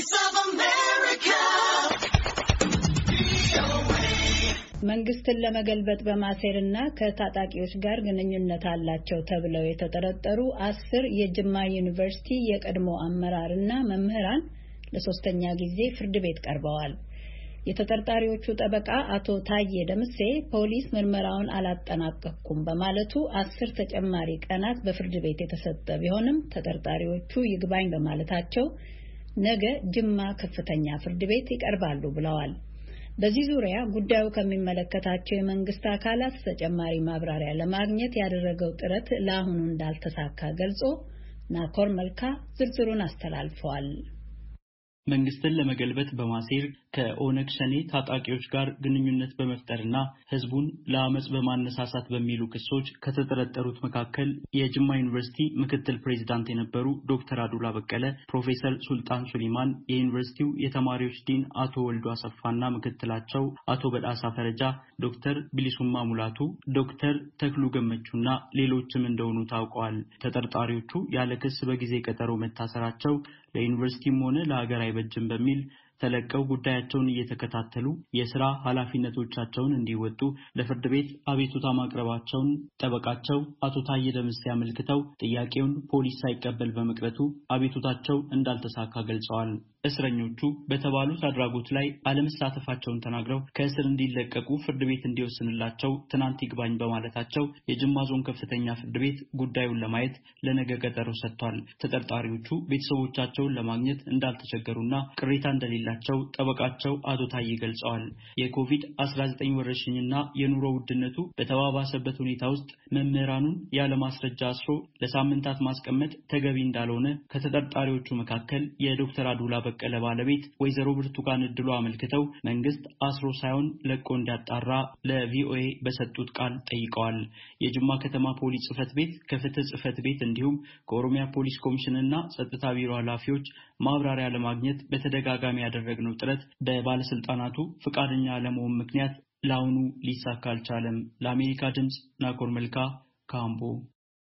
Voice of America. መንግስትን ለመገልበጥ በማሴርና ከታጣቂዎች ጋር ግንኙነት አላቸው ተብለው የተጠረጠሩ አስር የጅማ ዩኒቨርሲቲ የቀድሞ አመራር እና መምህራን ለሶስተኛ ጊዜ ፍርድ ቤት ቀርበዋል። የተጠርጣሪዎቹ ጠበቃ አቶ ታዬ ደምሴ ፖሊስ ምርመራውን አላጠናቀቅኩም በማለቱ አስር ተጨማሪ ቀናት በፍርድ ቤት የተሰጠ ቢሆንም ተጠርጣሪዎቹ ይግባኝ በማለታቸው ነገ ጅማ ከፍተኛ ፍርድ ቤት ይቀርባሉ ብለዋል። በዚህ ዙሪያ ጉዳዩ ከሚመለከታቸው የመንግስት አካላት ተጨማሪ ማብራሪያ ለማግኘት ያደረገው ጥረት ለአሁኑ እንዳልተሳካ ገልጾ ናኮር መልካ ዝርዝሩን አስተላልፈዋል። መንግስትን ለመገልበጥ በማሴር ከኦነግ ሸኔ ታጣቂዎች ጋር ግንኙነት በመፍጠርና ህዝቡን ለአመፅ በማነሳሳት በሚሉ ክሶች ከተጠረጠሩት መካከል የጅማ ዩኒቨርሲቲ ምክትል ፕሬዚዳንት የነበሩ ዶክተር አዱላ በቀለ፣ ፕሮፌሰር ሱልጣን ሱሊማን፣ የዩኒቨርሲቲው የተማሪዎች ዲን አቶ ወልዱ አሰፋና ምክትላቸው አቶ በዳሳ ፈረጃ፣ ዶክተር ቢሊሱማ ሙላቱ፣ ዶክተር ተክሉ ገመቹና ሌሎችም እንደሆኑ ታውቀዋል። ተጠርጣሪዎቹ ያለ ክስ በጊዜ ቀጠሮ መታሰራቸው ለዩኒቨርሲቲም ሆነ ለሀገራዊ አይበጅም በሚል ተለቀው ጉዳያቸውን እየተከታተሉ የስራ ኃላፊነቶቻቸውን እንዲወጡ ለፍርድ ቤት አቤቱታ ማቅረባቸውን ጠበቃቸው አቶ ታዬ ደምሴ አመልክተው ጥያቄውን ፖሊስ ሳይቀበል በመቅረቱ አቤቱታቸው እንዳልተሳካ ገልጸዋል። እስረኞቹ በተባሉት አድራጎት ላይ አለመሳተፋቸውን ተናግረው ከእስር እንዲለቀቁ ፍርድ ቤት እንዲወስንላቸው ትናንት ይግባኝ በማለታቸው የጅማ ዞን ከፍተኛ ፍርድ ቤት ጉዳዩን ለማየት ለነገ ቀጠሮ ሰጥቷል። ተጠርጣሪዎቹ ቤተሰቦቻቸውን ለማግኘት እንዳልተቸገሩና ቅሬታ እንደሌለ እንደሌላቸው ጠበቃቸው አቶ ታዬ ገልጸዋል። የኮቪድ-19 ወረርሽኝና የኑሮ ውድነቱ በተባባሰበት ሁኔታ ውስጥ መምህራኑን ያለማስረጃ አስሮ ለሳምንታት ማስቀመጥ ተገቢ እንዳልሆነ ከተጠርጣሪዎቹ መካከል የዶክተር አዱላ በቀለ ባለቤት ወይዘሮ ብርቱካን እድሎ አመልክተው መንግስት አስሮ ሳይሆን ለቆ እንዲያጣራ ለቪኦኤ በሰጡት ቃል ጠይቀዋል። የጅማ ከተማ ፖሊስ ጽህፈት ቤት ከፍትህ ጽህፈት ቤት እንዲሁም ከኦሮሚያ ፖሊስ ኮሚሽንና ጸጥታ ቢሮ ኃላፊዎች ማብራሪያ ለማግኘት በተደጋጋሚ ያደ ያደረግነው ጥረት በባለስልጣናቱ ፈቃደኛ አለመሆን ምክንያት ለአሁኑ ሊሳካ አልቻለም። ለአሜሪካ ድምፅ ናኮር መልካ ካምቦ